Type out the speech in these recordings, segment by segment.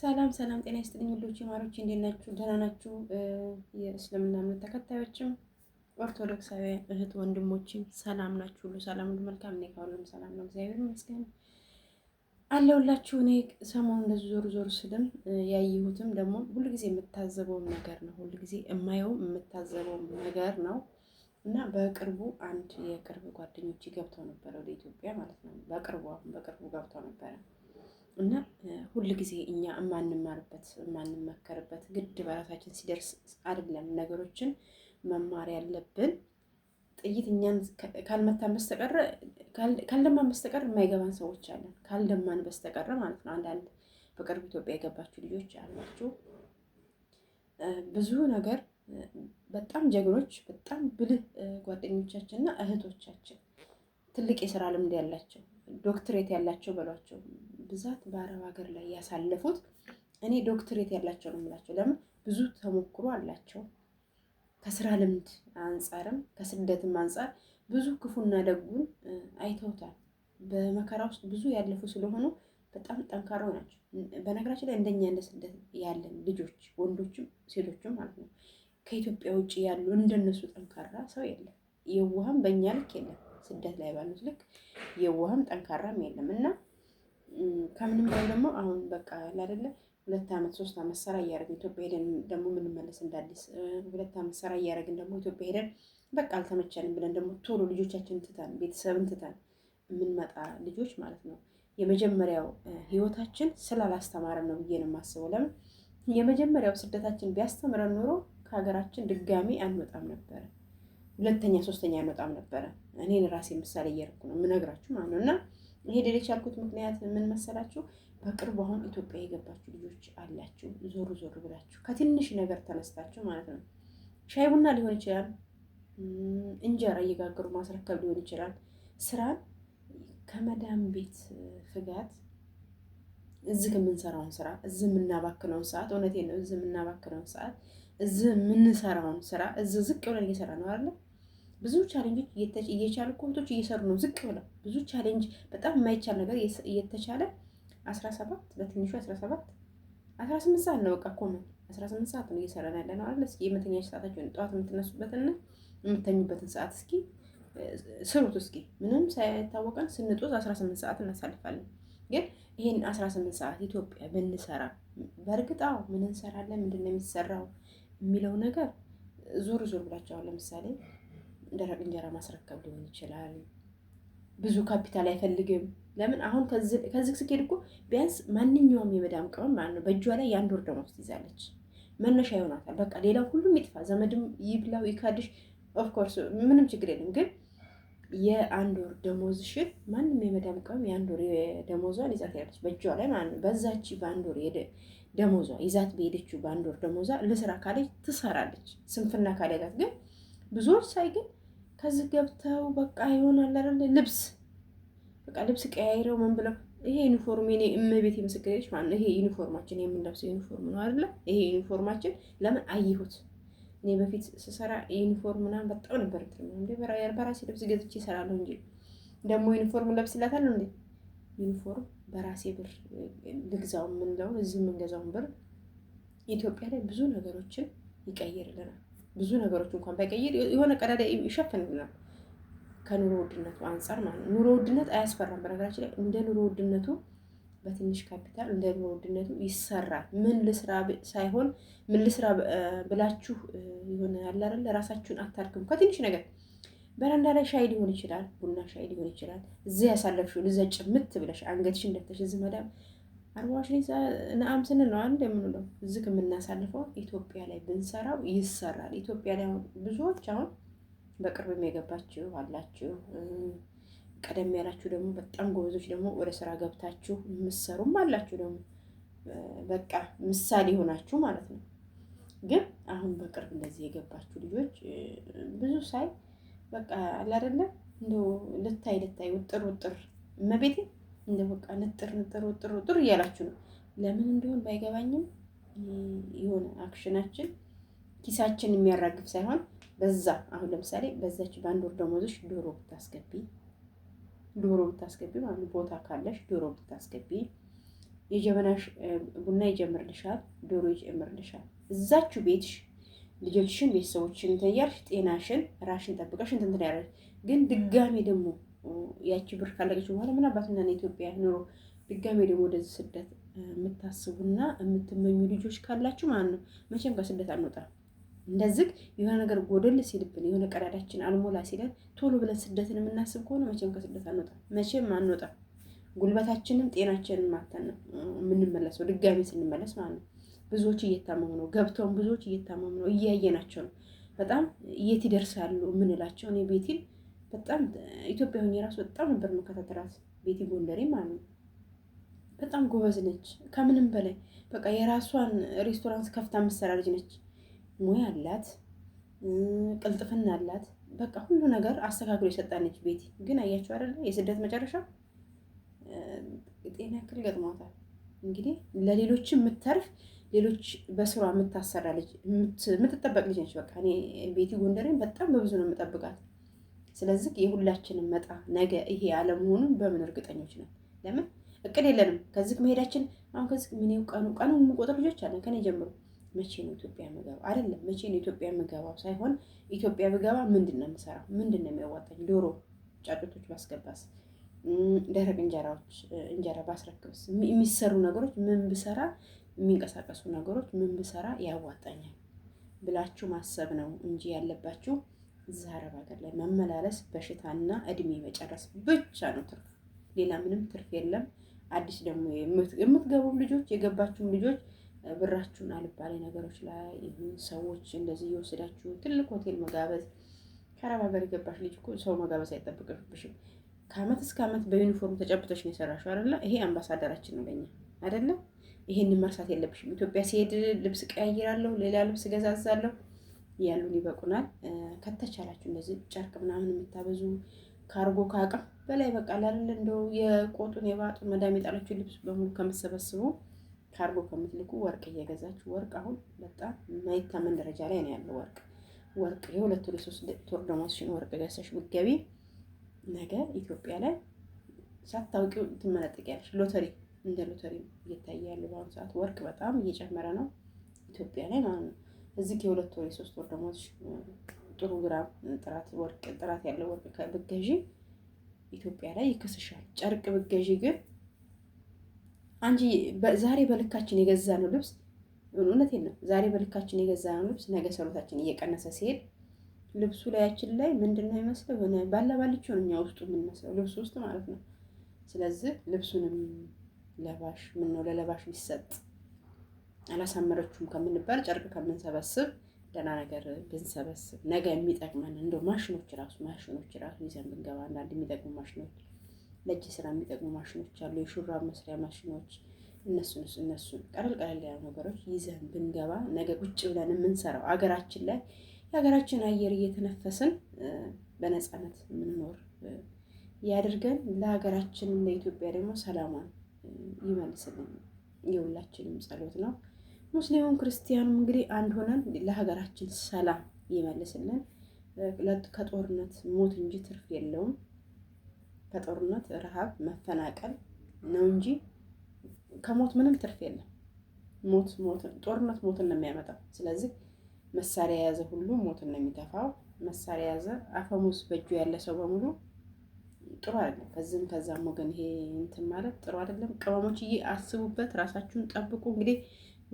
ሰላም ሰላም፣ ጤና ይስጥልኝ ሁሎች ማሮች፣ እንዴት ናችሁ? ደህና ናችሁ? የእስልምና እምነት ተከታዮችም ኦርቶዶክሳውያን እህት ወንድሞችም ሰላም ናችሁ? ሁሉ ሰላም፣ ሁሉ መልካም። እኔ ከሁሉም ሰላም ነው፣ እግዚአብሔር ይመስገን አለሁላችሁ። እኔ ሰሞኑን እንደዚህ ዞር ዞር ስልም ያየሁትም ደግሞ ሁልጊዜ የምታዘበውም ነገር ነው፣ ሁልጊዜ የማየውም የምታዘበውም ነገር ነው እና በቅርቡ አንድ የቅርብ ጓደኞች ገብተው ነበረ ወደ ኢትዮጵያ ማለት ነው። በቅርቡ አሁን በቅርቡ ገብተው ነበረ እና ሁል ጊዜ እኛ የማንማርበት የማንመከርበት ግድ በራሳችን ሲደርስ አይደለም ነገሮችን መማር ያለብን። ጥይት እኛን ካልመታን በስተቀር ካልደማን በስተቀር የማይገባን ሰዎች አለን። ካልደማን በስተቀር ማለት ነው። አንዳንድ በቅርብ ኢትዮጵያ የገባችሁ ልጆች አላችሁ። ብዙ ነገር በጣም ጀግኖች፣ በጣም ብልህ ጓደኞቻችን እና እህቶቻችን ትልቅ የስራ ልምድ ያላቸው ዶክትሬት ያላቸው በሏቸው ብዛት በአረብ ሀገር ላይ ያሳለፉት እኔ ዶክትሬት ያላቸው ነው የምላቸው። ለምን ብዙ ተሞክሮ አላቸው። ከስራ ልምድ አንጻርም ከስደትም አንጻር ብዙ ክፉና ደጉን አይተውታል። በመከራ ውስጥ ብዙ ያለፉ ስለሆኑ በጣም ጠንካራ ናቸው። በነገራችን ላይ እንደኛ እንደ ስደት ያለን ልጆች ወንዶችም ሴቶችም ማለት ነው ከኢትዮጵያ ውጭ ያሉ እንደነሱ ጠንካራ ሰው የለም። የዋህም በእኛ ልክ የለም። ስደት ላይ ባሉት ልክ የዋህም ጠንካራም የለም እና ከምንም በላይ ደግሞ አሁን በቃ አይደለ ሁለት ዓመት ሶስት ዓመት ስራ እያደረግን ኢትዮጵያ ሄደን ደግሞ ምንመለስ እንዳዲስ ሁለት ዓመት ስራ እያደረግን ደግሞ ኢትዮጵያ ሄደን በቃ አልተመቸንም ብለን ደግሞ ቶሎ ልጆቻችን ትተን ቤተሰብን ትተን የምንመጣ ልጆች ማለት ነው። የመጀመሪያው ህይወታችን ስላላስተማረን ነው ብዬ ነው የማስበው። ለምን የመጀመሪያው ስደታችን ቢያስተምረን ኖሮ ከሀገራችን ድጋሚ አንወጣም ነበረ። ሁለተኛ ሶስተኛ አንወጣም ነበረ። እኔን ራሴ ምሳሌ እየረኩ ነው የምነግራችሁ ማለት ነው እና ይሄ ደሌች ያልኩት ምክንያት ምን መሰላችሁ? በቅርቡ አሁን ኢትዮጵያ የገባችሁ ልጆች አላችሁ፣ ዞር ዞር ብላችሁ ከትንሽ ነገር ተነስታችሁ ማለት ነው። ሻይ ቡና ሊሆን ይችላል፣ እንጀራ እየጋገሩ ማስረከብ ሊሆን ይችላል። ስራን ከመዳም ቤት ፍጋት እዚህ የምንሰራውን ስራ እዚህ የምናባክነውን ሰዓት፣ እውነቴ ነው፣ እዚህ የምናባክነውን ሰዓት፣ እዚህ የምንሰራውን ስራ እዚህ ዝቅ ብለን እየሰራ ነው አለ ብዙ ቻሌንጆች እየቻሉ ኮምቶች እየሰሩ ነው ዝቅ ብለው ብዙ ቻሌንጅ በጣም የማይቻል ነገር እየተቻለ አስራ ሰባት በትንሹ አስራ ሰባት ሰዓት ነው በቃ ኮመን አስራ ሰዓት ነው እየሰራን ያለ ነው አለ እስኪ የመተኛ ሰዓታችሁን ጠዋት የምትነሱበትና የምተኙበትን ሰዓት እስኪ ስሩት እስኪ ምንም ሳይታወቀን ስንጦዝ አስራ ሰዓት እናሳልፋለን ግን ይህን አስራ ሰዓት ኢትዮጵያ ብንሰራ በእርግጥ አዎ ምን እንሰራለን ምንድን ነው የሚሰራው የሚለው ነገር ዞር ዞር ብላቸዋል ለምሳሌ ደረቅ እንጀራ ማስረከብ ሊሆን ይችላል። ብዙ ካፒታል አይፈልግም። ለምን አሁን ከዚህ ስኬድ እኮ ቢያንስ ማንኛውም የመዳም ቅመም ማለት ነው በእጇ ላይ የአንድ ወር ደመወዝ ትይዛለች። መነሻ ይሆናታል። በቃ ሌላው ሁሉም ይጥፋ፣ ዘመድም ይብላው ይካድሽ፣ ኦፍኮርስ ምንም ችግር የለም። ግን የአንድ ወር ደመወዝሽን ማንም የመዳም ቅመም የአንድ ወር ደመወዟን ይዛት ያለች በእጇ ላይ ማለት ነው። በዛች በአንድ ወር ደመወዟ ይዛት በሄደችው በአንድ ወር ደመወዟ ልስራ ካለች ትሰራለች። ስንፍና ካለያት ግን ብዙዎች ሳይ ግን ከዚህ ገብተው በቃ ይሆናል አይደል ልብስ በቃ ልብስ ቀያይረው ምን ብለው ይሄ ዩኒፎርም የኔ እመቤት የምስክሬች ማለት ይሄ ዩኒፎርማችን የምንለብሰው ዩኒፎርም ነው አይደለ? ይሄ ዩኒፎርማችን ለምን አየሁት። እኔ በፊት ስሰራ ዩኒፎርም ምናምን በጣም ነበር እንዴ በራሴ ልብስ ገዝቼ እሰራለሁ እንጂ ደግሞ ዩኒፎርም ለብስላታለሁ እንዴ ዩኒፎርም በራሴ ብር ልግዛው የምንለው እዚህ የምንገዛውን ብር ኢትዮጵያ ላይ ብዙ ነገሮችን ይቀይርልናል። ብዙ ነገሮች እንኳን ባይቀይር የሆነ ቀዳዳ ይሸፍንልናል። ከኑሮ ውድነቱ አንጻር ማለት ነው። ኑሮ ውድነት አያስፈራም። በነገራችን ላይ እንደ ኑሮ ውድነቱ በትንሽ ካፒታል እንደ ኑሮ ውድነቱ ይሰራል። ምን ልስራ ሳይሆን ምን ልስራ ብላችሁ የሆነ ያለ አይደለ ራሳችሁን አታድክሙ። ከትንሽ ነገር በረንዳ ላይ ሻይ ሊሆን ይችላል፣ ቡና ሻይ ሊሆን ይችላል። እዚያ ያሳለፍሽውን እዚያ ጭምት ብለሽ አንገትሽን ደፍተሽ እዚህ መዳም አርባዎችን ነአም ስንል ነው አንድ የምንለው ዝግ የምናሳልፈው ኢትዮጵያ ላይ ብንሰራው ይሰራል። ኢትዮጵያ ላይ ብዙዎች አሁን በቅርብም የገባችሁ አላችሁ፣ ቀደም ያላችሁ ደግሞ በጣም ጎበዞች ደግሞ ወደ ስራ ገብታችሁ የምሰሩም አላችሁ ደግሞ በቃ ምሳሌ ሆናችሁ ማለት ነው። ግን አሁን በቅርብ እንደዚህ የገባችሁ ልጆች ብዙ ሳይ በቃ አላደለም እንደ ልታይ ልታይ ውጥር ውጥር እመቤቴ እንደ በቃ ንጥር ንጥር ጥሩ ጥሩ እያላችሁ ነው። ለምን እንደሆን ባይገባኝም የሆነ አክሽናችን ኪሳችን የሚያራግፍ ሳይሆን በዛ አሁን ለምሳሌ በዛች በአንድ ወር ደሞዝሽ ዶሮ ብታስገቢ ዶሮ ብታስገቢ ማለት ቦታ ካለሽ ዶሮ ብታስገቢ የጀበናሽ ቡና ይጀምርልሻል፣ ዶሮ ይጀምርልሻል። እዛችሁ ቤትሽ ልጆችሽን ቤተሰቦችሽን እንትን እያልሽ ጤናሽን ራሽን ጠብቀሽ እንትን ያደረግሽ ግን ድጋሜ ደግሞ ያቺ ብር ካለቀች በኋላ ምን አባትና ኢትዮጵያ ኑሮ ድጋሜ ደግሞ ወደዚህ ስደት የምታስቡና የምትመኙ ልጆች ካላችሁ ማለት ነው መቼም ከስደት አንወጣም። እንደዚህ የሆነ ነገር ጎደል ሲልብን የሆነ ቀዳዳችን አልሞላ ሲለን ቶሎ ብለን ስደትን የምናስብ ከሆነ መቼም ከስደት አንወጣም፣ መቼም አንወጣም። ጉልበታችንም ጤናችንን ማተን ነው የምንመለሰው ድጋሜ ስንመለስ ማለት ነው። ብዙዎች እየታመሙ ነው ገብተውን ብዙዎች እየታመሙ ነው እያየናቸው ነው። በጣም የት ይደርሳሉ የምንላቸው እኔ ቤቴን በጣም ኢትዮጵያ ሆኜ ራሱ በጣም ነበር መከታተላት ቤቲ ጎንደሬ ማለት ነው። በጣም ጎበዝ ነች። ከምንም በላይ በቃ የራሷን ሬስቶራንት ከፍታ የምትሰራ ልጅ ነች። ሙያ አላት፣ ቅልጥፍና አላት። በቃ ሁሉ ነገር አስተካክሎ የሰጣነች ቤቲ ግን አያቸው አይደለ የስደት መጨረሻ ጤና እክል ገጥሟታል። እንግዲህ ለሌሎች የምትተርፍ ሌሎች በስሯ የምታሰራ ልጅ የምትጠበቅ ልጅ ነች። በቃ እኔ ቤቲ ጎንደሬን በጣም በብዙ ነው የምጠብቃት። ስለዚህ የሁላችንም መጣ ነገ ይሄ አለመሆኑን በምን እርግጠኞች ነን? ለምን እቅድ የለንም? ከዚህ መሄዳችን አሁን ከዚህ ምን ቀኑ ቀኑ የምንቆጥር ልጆች አለን። ከኔ ጀምሮ መቼ ነው ኢትዮጵያ የምገባው? አይደለም መቼ ነው ኢትዮጵያ የምገባው ሳይሆን ኢትዮጵያ ብገባ ምንድን ነው የምሰራው? ምንድን ነው የሚያዋጣኝ? ዶሮ ጫጩቶች ባስገባስ፣ ደረቅ እንጀራዎች እንጀራ ባስረክብስ፣ የሚሰሩ ነገሮች ምን ብሰራ፣ የሚንቀሳቀሱ ነገሮች ምን ብሰራ ያዋጣኛል ብላችሁ ማሰብ ነው እንጂ ያለባችሁ እዚህ አረብ ሀገር ላይ መመላለስ በሽታና እድሜ መጨረስ ብቻ ነው ትርፍ፣ ሌላ ምንም ትርፍ የለም። አዲስ ደግሞ የምትገቡም ልጆች የገባችሁም ልጆች ብራችሁን አልባሌ ነገሮች ላይ ሰዎች እንደዚህ እየወሰዳችሁ ትልቅ ሆቴል መጋበዝ። ከአረብ ሀገር የገባሽ ልጅ እኮ ሰው መጋበዝ አይጠበቅብሽም። ከአመት እስከ አመት በዩኒፎርም ተጨብጠሽ ነው የሰራሽው አይደለ? ይሄ አምባሳደራችን ነው ለኛ አይደለም። ይሄን መርሳት የለብሽም። ኢትዮጵያ ሲሄድ ልብስ ቀያይራለሁ፣ ሌላ ልብስ ገዛዛለሁ። ያሉን ይበቁናል። ከተቻላችሁ እንደዚህ ጨርቅ ምናምን የምታበዙ ካርጎ ከአቅም በላይ በቃ ላለ እንደው የቆጡን የባጡን መዳም የጣላችሁ ልብስ በሙሉ ከምትሰበስቡ ካርጎ ከምትልኩ ወርቅ እየገዛችሁ ወርቅ አሁን በጣም ማይታመን ደረጃ ላይ ነው ያለው ወርቅ ወርቅ የሁለት ወደ ሶስት ወር ደሞዝሽን ወርቅ ገሰሽ ብትገቢ ነገ ኢትዮጵያ ላይ ሳታውቂው ትመነጠቂያለሽ። ሎተሪ እንደ ሎተሪ እየታየ ያለው በአሁኑ ሰዓት ወርቅ በጣም እየጨመረ ነው ኢትዮጵያ ላይ ማለት ነው። እዚህ ከሁለት ወር የሶስት ወር ደግሞ ጥሩ ግራም ጥራት ወርቅ ጥራት ያለው ወርቅ ብገዢ ኢትዮጵያ ላይ ይከስሻል። ጨርቅ ብገዢ ግን አንቺ ዛሬ በልካችን የገዛነው ልብስ እውነቴን ነው። ዛሬ በልካችን የገዛነው ልብስ ነገ ሰሎታችን እየቀነሰ ሲሄድ ልብሱ ላያችን ላይ ምንድን ነው ይመስለው ሆነ ባላባልቸው እኛ ውስጡ የምንመስለው ልብሱ ውስጥ ማለት ነው። ስለዚህ ልብሱንም ለባሽ ምን ነው ለለባሽ ቢሰጥ አላሳመረችውም ከምንባል ጨርቅ ከምንሰበስብ ደህና ነገር ብንሰበስብ ነገ የሚጠቅመን እንደው ማሽኖች ራሱ ማሽኖች ራሱ ይዘን ብንገባ አንዳንድ የሚጠቅሙ ማሽኖች ለእጅ ስራ የሚጠቅሙ ማሽኖች አሉ፣ የሹራብ መስሪያ ማሽኖች። እነሱን እነሱን ቀለል ቀለል ያሉ ነገሮች ይዘን ብንገባ ነገ ቁጭ ብለን የምንሰራው አገራችን ላይ የሀገራችን አየር እየተነፈስን በነፃነት የምንኖር ያድርገን። ለሀገራችን ለኢትዮጵያ ደግሞ ሰላሟን ይመልስልን የሁላችንም ጸሎት ነው። ሙስሊሙም ክርስቲያኑም እንግዲህ አንድ ሆነን ለሀገራችን ሰላም ይመልስልን። ከጦርነት ሞት እንጂ ትርፍ የለውም። ከጦርነት ረሃብ፣ መፈናቀል ነው እንጂ ከሞት ምንም ትርፍ የለም። ሞት ሞትን ጦርነት ሞትን ነው የሚያመጣው። ስለዚህ መሳሪያ የያዘ ሁሉ ሞትን ነው የሚተፋው። መሳሪያ የያዘ አፈሙስ በእጁ ያለ ሰው በሙሉ ጥሩ አይደለም። ከዚህም ከዛም ወገን ይሄ እንትን ማለት ጥሩ አይደለም። ቅመሞችዬ አስቡበት፣ ራሳችሁን ጠብቁ እንግዲህ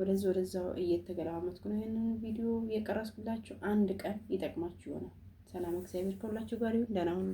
ወደዚ ወደዛው እየተገለማመጥኩ ነው ይህንን ቪዲዮ እየቀረስኩላችሁ አንድ ቀን ይጠቅማችሁ ይሆናል። ሰላም፣ እግዚአብሔር ከሁላችሁ ጋር ይሁን። ደህና ሁኑ።